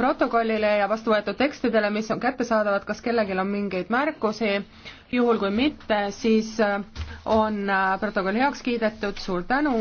protokollile ja vastu võetud tekstidele, mis on kättesaadavad, kas kellelgi on mingeid märkusi, juhul kui mitte, siis äh, on äh, protokoll heaks kiidetud, suur tänu.